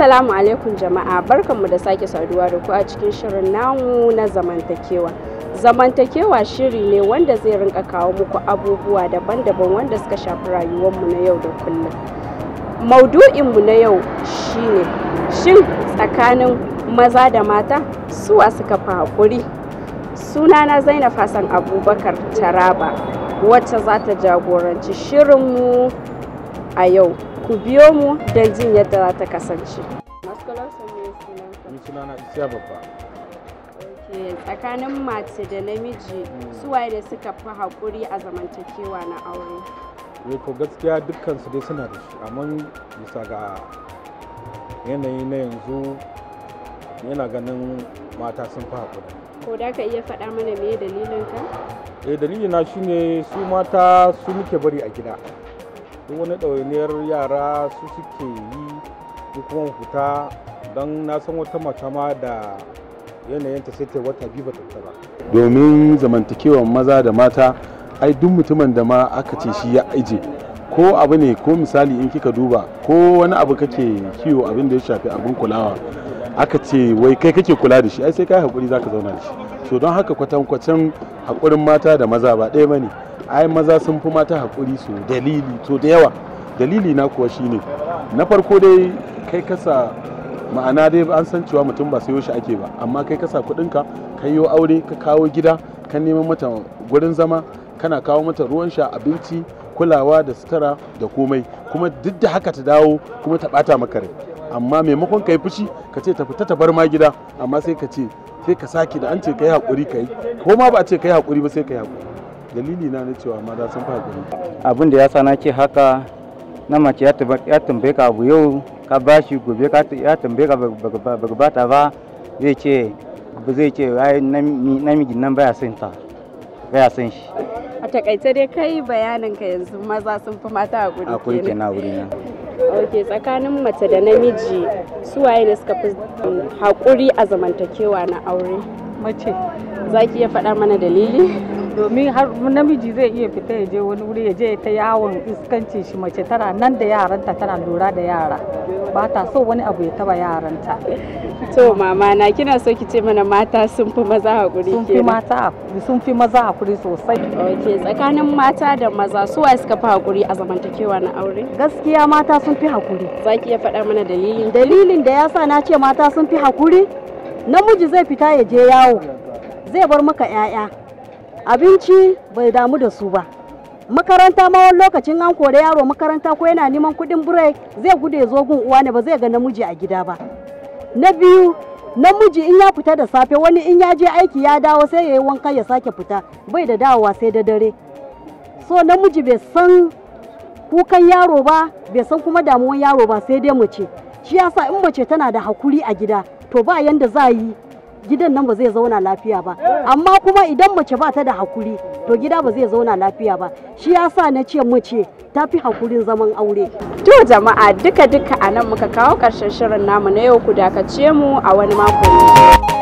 Assalamu alaikum jama'a barkanmu da sake saduwa da ku a cikin shirin namu na zamantakewa. Zamantakewa shiri ne wanda zai rinka kawo muku abubuwa daban-daban wanda suka shafi rayuwar mu na yau da kullum. Maudu'inmu na yau shine shin tsakanin maza da mata suwa suka fi haƙuri? Sunana Zainab Hassan Abubakar Taraba wacce za ta jagoranci mu a yau. ku biyo mu don jin yadda za ta kasance. babba. tsakanin mace da namiji hmm. suwaye da suka fi haƙuri a zamantakewa na aure. ne eh, ko gaskiya dukkan su dai suna da shi amma bisa ga yanayi na yanzu yana ganin mata sun fi haƙuri. ko da ka iya faɗa mana me dalilin ka? eh dalilina shine su mata su muke bari a gida. duk wani ɗawainiyar yara su suke yi duk fita don na san wata mata ma da ta, sai ta wata biyu ba ta ba domin zamantakewar maza da mata ai duk mutumin da ma aka ce shi ya aije ko abu ne ko misali in kika duba ko wani abu kake kiwo abin da ya shafi abin kulawa aka ce wai kai kake kula da shi ai sai kai hakuri zaka zauna da shi so don haka kwatankwacin hakurin mata da maza ba ɗaya ba ne. ai maza sun fi mata haƙuri su dalili to da yawa dalili na kuwa shine na farko dai kai kasa ma'ana dai an san cewa mutum ba sayo shi ake ba amma kai kasa kuɗinka ka yi aure ka kawo gida ka neman mata gurin zama kana kawo mata ruwan sha abinci kulawa da sutura da komai kuma duk da haka ta dawo kuma ta bata maka rai amma maimakon ka yi fushi ka ce ta fita ta bar ma gida amma sai ka ce sai ka sake da an ce ka yi haƙuri ka yi ko ma ba a ce ka yi haƙuri ba sai ka yi haƙuri dalili na na cewa maza sun fi hakuri abin da ya sa na ce haka na mace ya tambaye ka abu yau ka bashi gobe ya tambaye ka baka bata ba zai ce ba zai ce ai namijin nan baya son ta baya son shi a takaice dai kai bayanin ka yanzu maza sun fi mata hakuri kenan hakuri kenan hakuri na ok tsakanin mace da namiji su waye ne suka fi um, hakuri a zamantakewa na aure mace za ki iya faɗa mana dalili domin har namiji zai iya fita ya je wani wuri ya je ta yawon iskanci shi mace tara, nan da yaranta tana lura da yara ba ta so wani abu ya taba yaranta to mama na kina so ki ce mana mata sun fi maza hakuri sun fi mata sun fi maza hakuri sosai okay tsakanin mata da maza su wa suka fi hakuri a zamantakewa na aure gaskiya mata sun fi hakuri ki iya faɗa mana dalilin dalilin da yasa na ce mata sun fi hakuri namiji zai fita ya je yawo zai bar maka 'ya'ya abinci bai damu da su ba makaranta ma wani lokacin an kore yaro makaranta ko yana neman kuɗin birai zai gude zo gun uwa ne ba zai ga namiji a gida ba na biyu namiji in ya fita da safe wani in ya je aiki ya dawo sai ya yi wanka ya sake fita bai da dawowa sai da dare so namiji bai san kukan yaro ba bai san kuma damuwar yaro ba sai dai mace shi yasa in mace tana da hakuri a gida to ba yanda za yi gidan nan ba zai zauna lafiya ba amma kuma idan mace ba ta da hakuri to gida ba zai zauna lafiya ba shi yasa na ce mace ta fi hakurin zaman aure to jama'a duka duka a nan muka kawo karshen shirin namu na yau ku dakace mu a wani mako